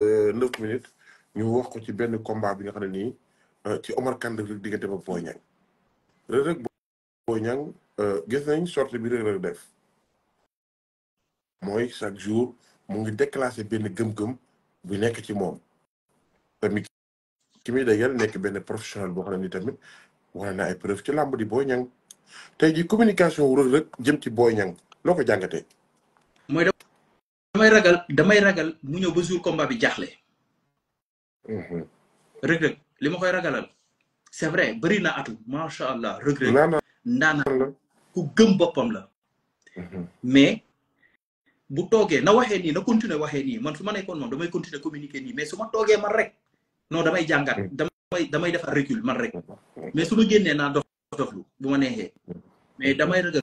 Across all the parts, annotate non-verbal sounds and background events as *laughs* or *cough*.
Euh, neuf minutes ñu wax ko ci benn combat bi nga xam ne nii euh, ci Omar kan rek diggante ba Boy Niang Reug Reug Boy Niang euh, gis nañ sortie bi Reug Reug def mooy chaque jour mu ngi déclassé benn gëm-gëm bu nekk ci moom tamit ki muy dajal nekk benn professionnel boo xam ne ni tamit wane na ay preuve ci làmb di Boy Niang tey ji communication Reug Reug jëm ci Boy Niang loo ko jàngatee damay ragal damay ragal mu ñëw ba jour combat bi jaxlé mhm. Reug Reug li ma koy ragalal c'est vrai bari na atu macha allah Reug Reug ku gëm boppam la. Mhm. mais bu toogee na waxé ni na continuer waxé ni man su ma nekkoon damay continuer communiquer ni mais suma ma man rek non damay jangat mhm. damay damay defal recul man rek mais su génné na naa dox doxlu bu ma mais damay ragal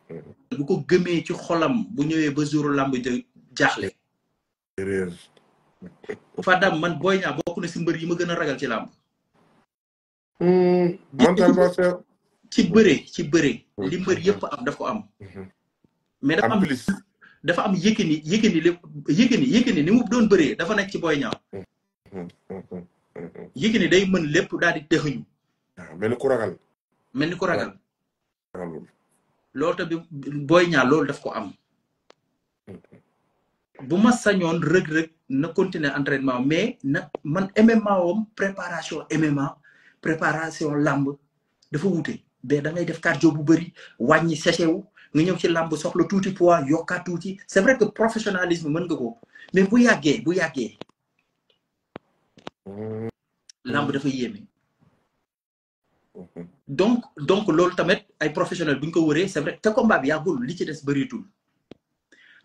bu ko gëmé ci xolam bu ñëwee ba jour làmb jaxlé Fadam man Boy Niang bokk na si mbër yi ma gën ragal ci làmb. mentalement hmm, ci bëre ci bëre. Hmm. am daf ko am. Hmm. mais dafa am dafa am Yékini Yékini li Yékini Yékini ni mu doon bëree dafa nekk ci Boy Niang. Yékini day mën lépp daal di texuñu. waaw ah, mel ni ragal. mel ni ku ragal. loolu tamit Boy Niang loolu daf ko am. bu ma sañoon rëg na continuer entraînement mais na man MMA wam préparation MMA préparation làmb dafa wouté mais da ngay def cardio bu bëri wañi séché wu nga ñew ci lamb soxla touti poids yokka touti. c'est vrai que professionnalisme mën nga ko mais bu yàggee bu yàggee làmb dafa yéme mm-hmm. donc donc lool tamit ay professionnel buñ ko wëree c'est vrai te combat bi yàggul li ci des tout.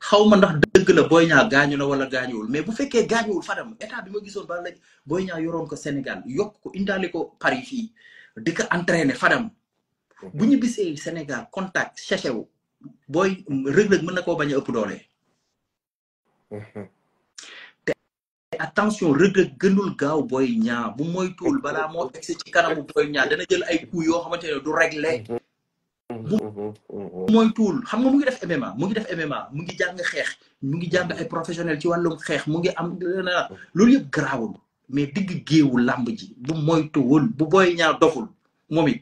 xaw ma ndax dëgg la Boy Niang gaañu na wala gaañuwul mais bu fekkee gaañuwul Fadam état bi ma gisoon ba léegi Boy Niang yoroon ko Sénégal yokk ko indaale ko Paris fii di ko entraîner Fadam bu ñibbisee senegal Sénégal contact cheche wu booy rëg-rëg mën na koo bañ a ëpp doole. te attention rëg-rëg gënul gaaw Boy Niang bu moytuwul balaa moo egsi ci kanamu Boy Niang dana jël ay coups yoo xamante ne du réglé. moytuwul xam nga mu ngi def MMA mu ngi def MMA mu ngi jang xex mu ngi jang ay professionnel ci walum xex mu ngi am loolu yeb grawul mais digg geewu lamb ji bu moytuwul bu boy ñaar doxul momi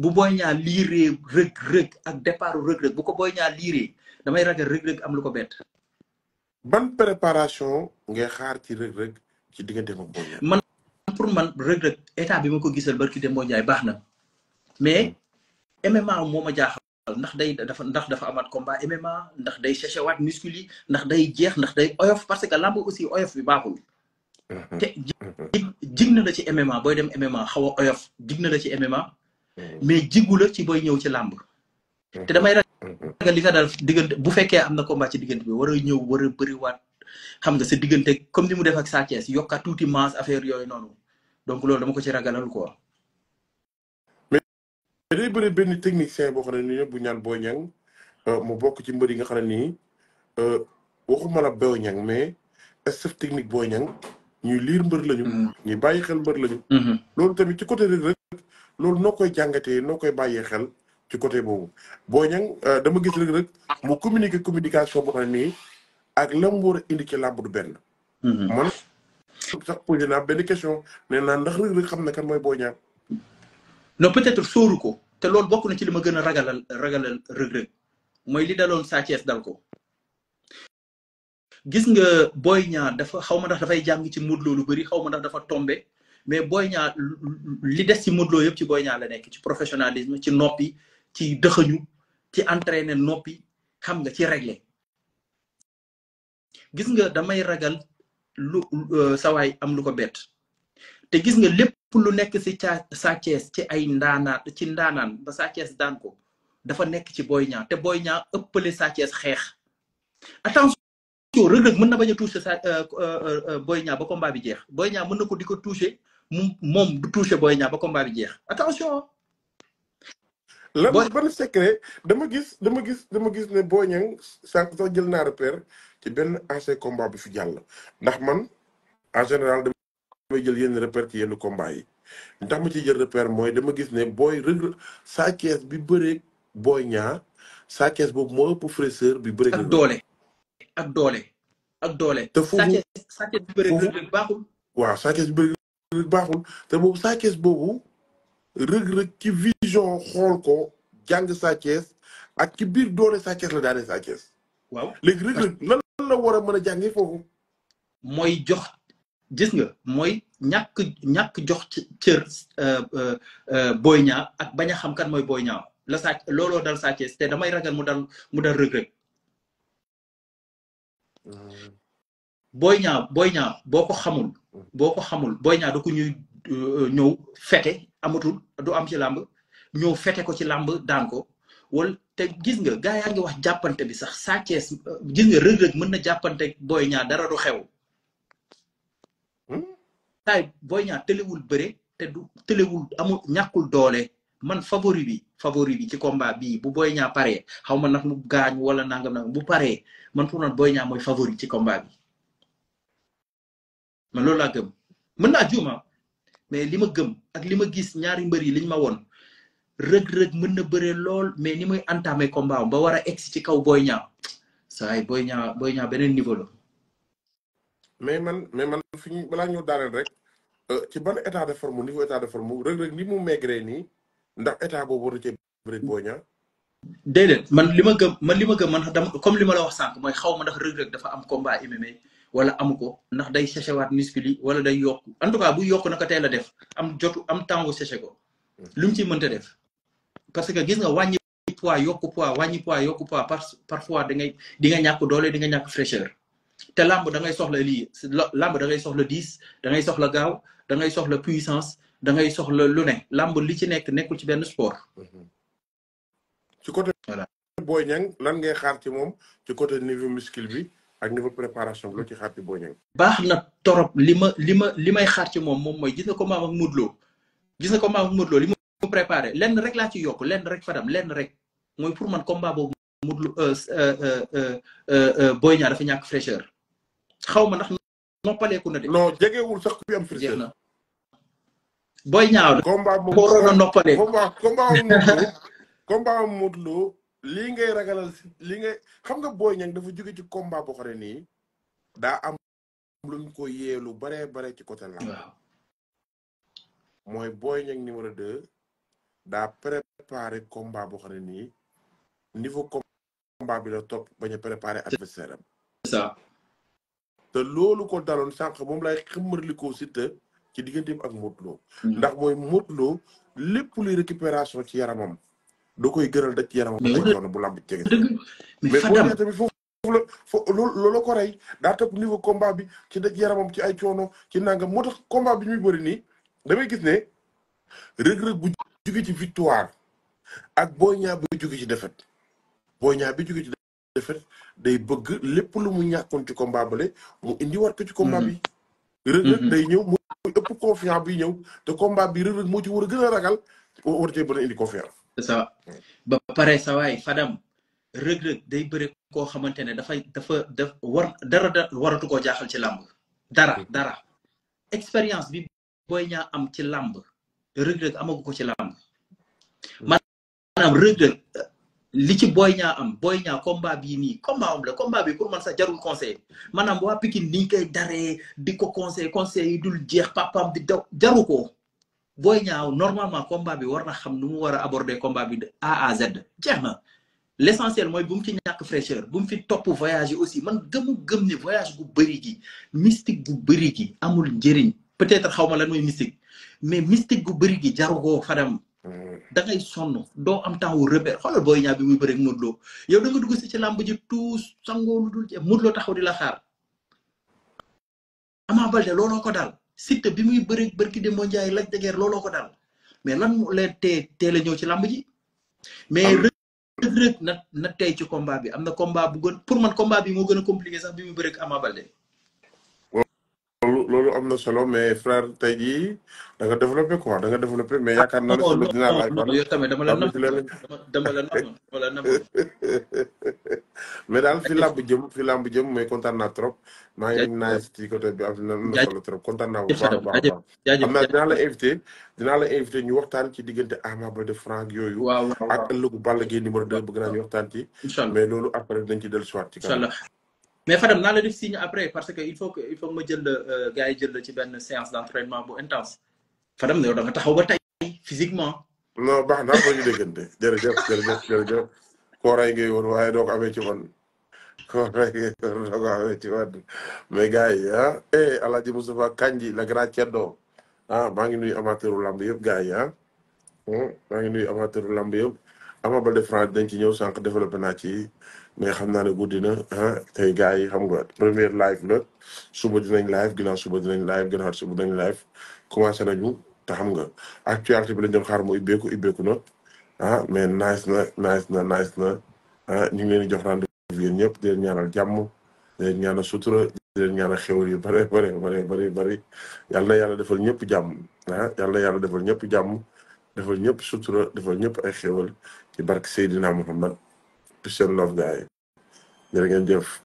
bu boy ñaar liiree reug reug ak départ reug reug bu ko boy ñaar liiree damay ragal reug reug am lu ko bet ban préparation ngay xaar ci reug reug ci digënté mo boy man pour man reug reug état bi mako gissal barki dem mo njaay baxna mais MMA moo ma jaaxal ndax day dafa ndax dafa amaat combat MMA ndax day séchewaat muscle yi ndax day jeex ndax day oyof parce que lamb aussi oyof bi baaxul. Mhm. te jig na la ci MMA booy dem MMA xaw a oyof jig na la ci MMA. Mhm. mais jigu la ci booy ñëw ci lamb mhm. te damay ragal li ko daal diggante bu fekkee am na combat ci diggante bi war a ñëw wara a bëriwaat xam nga sa diggante comme ni mu def ak Sa Thiès tuuti masse affaire yooyu noonu donc loolu dama ko ci ragalal ko te ba bëri benn technicien boo xam ni nii bu ñaan boo ñang euh, mu bokk ci mbër yi nga xam ne nii euh, waxuma la boo ñang mais staff technique boo ñang ñuy liir mbër lañu. Mm-hmm. ñuy bàyyi xel mbër lañu. Mm-hmm. loolu tamit ci côté rek loolu noo koy jàngatee noo koy bàyyee xel ci côté boobu boo ñang euh, dama gis rek rek mu communiquer communication boo xam nii ak la mu war a indi ci làmb du benn. Mm-hmm. man sax posé naa benn question nee naan ndax rek rek xam na kan mooy boo ñang non peut-être sóoru ko te loolu bokk na ci li ma gën a ragalal ragalal rëg-rëg mooy li daloon Sa Thiès dal ko gis nga booy ñaar dafa xaw ma ndax dafay jàng ci Modou lu bari xaw ma ndax dafa tombé mais booy Niang li des ci Modou yëpp ci booy Niang la nekk ci professionnalisme ci noppi ci dëxëñu ci entraîner noppi xam nga ci régler gis nga damay ragal lu euh, sawaay am lu ko bett te gis nga lépp pour lu nekk si ca Sathiès ci ay ndaanaan ci ndaanaan ba Sathiès daan ko dafa nekk ci Boy Niang te Boy Niang ëppale Sathiès xeex attention Reug Reug mën na bañ a touché sa euh, euh, euh, Boy Niang ba combat bi jeex Boy Niang mën na ko di ko touché moom du touché Boy ba combat jeex attention lan ban secret dama gis dama gis dama gis ne Boy Niang sànq sax jël naa repère ci benn ancien combat bi fi jàll ndax man en général damay jël yenn reperti ci yenn combat yi ndax ma ci jël repère mooy dama gis ne booy rëg saa kees bi bëreeg booy ñaar saa boobu moo ëpp fraîcheur bi bëreeg doole ak doole ak doole te foofu saa kees bi bëreeg rëg baaxul waaw saa kees baaxul te boobu saa boobu rëg-rëg ci vision xool ko jàng saa ak ci biir doole saa la daal saa kees waaw rëg-rëg lan la war a mën a jàngee mooy jox gis nga mooy ñàkk ñàkk jox cër euh, euh, euh, Boy Niang ak bañ a xam kan mooy Boy Niang la saa looloo dal Sa Thiès te damay ragal mu dal mu dal Reug Reug mm-hmm. Boy Niang Boy Niang boo ko xamul mm-hmm. boo ko xamul Boy Niang da ko ñuy ñëw fete amatul du am ci làmb ñëw fete ko ci làmb daan ko wala te gis nga gaa yaa ngi wax jàppante bi sax Sa Thiès gis nga Reug Reug mën na jàppante Boy Niang dara du xew taay Boy Niang tëlewul bëre te du tëlewul amu ñàkkul doole man favori bi favori bi ci combat bii bu Boy Niang paree xaw ma nag mu gaañ wala nangam nangam bu paree man pour man Boy Niang mooy favori ci combat bi man loolu gëm mën naa juuma ah, mais li ma gëm ak li ma gis ñaari mbër yi liñ ma woon rëg-rëg mën na bëree lool mais ni muy entamé combat ba war a egsi ci kaw Boy Niang saay Boy Niang Boy Niang beneen niveau la mais man balaa ñu daaneel rek Eh, ci ban état de forme niveau état de forme rek rek ni mu maigré ni ndax état bobu ru ci bëri boña Niang man lima gëm man lima gëm man dama comme lima la wax sank moy xawma ndax rek rek dafa am combat MMA wala amuko ndax day wat muscle wala day yok en tout cas bu yok naka tay la def am jotu am temps wu séché ko lu mu ci mënta def parce que gis nga wañi poids yokku poids wañi poids yokku poids parfois da ngay di nga ñak doole di nga ñak fraîcheur té lamb da ngay soxla li lamb da ngay soxla 10 da ngay soxla gaaw da ngay soxla puissance da ngay soxla lu ne lamb li ci nekk nekkul ci benn sport. Mhm. ci côté. voilà Boy ñang lan ngay xaar ci moom ci côté niveau muscle bi ak niveau préparation bi ci xaar ci Boy ñang baax na torop li ma li ma li may xaar ci moom moom mooy gis na ko maam ak mudlo Lo gis nga ko maam ak mudlo Lo li mu préparé lenn rek laa ci yokk lenn rek fadam lenn rek mooy pour man combat boobu euh euh, euh, euh, euh, Boy Niang dafa ñàkk fraîcheur xaw ma ndax noppaleeku na de. non jegewul sax ku am fraîcheur Boy Niang combat moom ko waroon a noppalee combat combat Modou Lo lii ngay ragalal lii ngay xam nga Boy Niang dafa jóge ci combat boo xam ne nii daa am luñ ko yeelu baree bare ci côté la mooy Boy Niang numéro deux daa préparé combat boo xam ne nii niveau combat bi la topp bañ a préparé adversaire am te loolu ko daloon sànq moom lay xëmmarlikoo si ci digganteem ak Modou Lo mm-hmm. ndax mooy Modou Lo lépp luy récupération ci yaramam da koy gënal daj ci yaramam da koy bu làmb jege mais boo tamit foofu la foofu ko rey daa topp niveau combat bi ci daj yaramam ci ay coono ci nangam moo tax combat bi ñuy bëri nii damay gis ne rëg-rëg bu jóge ci victoire ak Boy Niang bi jóge ci défaite Boy Niang bi jóge ci défaite day bëgg lépp lu mu ñàkkoon ci combat bale mu indi war rëg mhm. day ñëw mooy ëpp confiance bi ñëw te combat bi rëg moo ci war a gën a ragal war cee bëri indi confiance c'est ça ba pare sa Fadam rëg day bëri koo xamante ne dafay dafa daf war dara waratu ko jaaxal ci lamb dara mm-hmm. dara expérience bi booy ñaa am ci làmb rëg-rëg amagu ko ci làmb mm-hmm. maanaam rëg li ci Boy Niang am Boy Niang combat bii nii combat am la combat bi pour man sax jarul conseil maanaam waa Pikine niñ koy daree di ko conseil conseil dul jeex papam bi daw jaru ko Boy Niang normalement combat bi war na xam nu mu war a aborder combat bi de A à Z jeex na l' mooy bu ci ñàkk fraîcheur bu mu fi topp voyage yi aussi man gëmu gëm ni voyage gu bëri gi mystique gu bëri gi amul njëriñ peut-être xaw ma lan mooy mystique mais mystique gu bëri gi jaru ko fadam da ngay sonn doo am taxu wu repère booy ñaa bi muy bëri ak loo Lo yow da nga dugg si ci làmb ji tuus sangoo lu dul jeex loo Lo taxaw di la xaar. Ama Baldé looloo ko daal Siteu bi muy bëri barki de Mondiaye Lac de Guiers looloo ko daal mais lan moo leen tee teel a ñëw ci làmb ji. mais Reug Reug na na tey ci combat bi am na combat bu gën pour man combat bi moo gën a compliqué sax bi muy bëri ak Ama loolu am na solo mais frère tey yii da nga développé koi da nga développé mais ah, yaakaar naa ne dinaa laaj. non yow tamit dama la nam dama la nam dama la *laughs* mais daal fi làmb jëm fi làmb jëm mooy kontaan naa trop. maa ngi naaj ci côté bi am na na solo trop kontaan naa bu baax a baax a la invité dinaa la invité ñu waxtaan ci diggante Ama Baldé Franc yooyu. waaw ak ëllëgu Balla Gaye numéro 2 bëgg naa ñu waxtaan ci. mais loolu après dañ ci dellusiwaat ci. mais Fadam na la def signe après parce que il faut que il faut ma jël la euh, gars yi ci ben séance d'entraînement bu intense Fadam ne da nga taxaw ba tay physiquement. non baax na ko ñu déggante jërëjëf jërëjëf ko ray ngay won waaye do ko amé ci won ko ray do ko amé ci won mais gaay ya ah eh Alhaji Moustapha kanji la grand ceddo ah maa ngi nuyu amateur lamb yëpp gaay ya ah hmm, maa ngi nuyu amateur lamb yëpp. am Ama Baldé France dañ ci ñëw sànq développé naa ci mais xam naa ne guddi na ah tey gars yi xam nga première live la suba nañ live ginnaaw suba dinañ live ginnaaw suba dinañ live commencé nañu te xam nga actualité bi lañ doon xaar mu ubbeeku ubbeeku na ah mais nice na nice na nice na ah ñu ngi leen di jox rendez-vous yéen ñëpp di leen ñaanal jàmm di leen ñaanal sutura di leen ñaanal xéwal yu bare bare bare bare bëri yàlla na yàlla defal ñëpp jàmm ah yàlla na yàlla defal ñëpp jàmm. defal ñëpp sutura defal ñëpp ay xéwal ci barke Seydina Muhammad ci seen nof gaay jërë ngeen jëf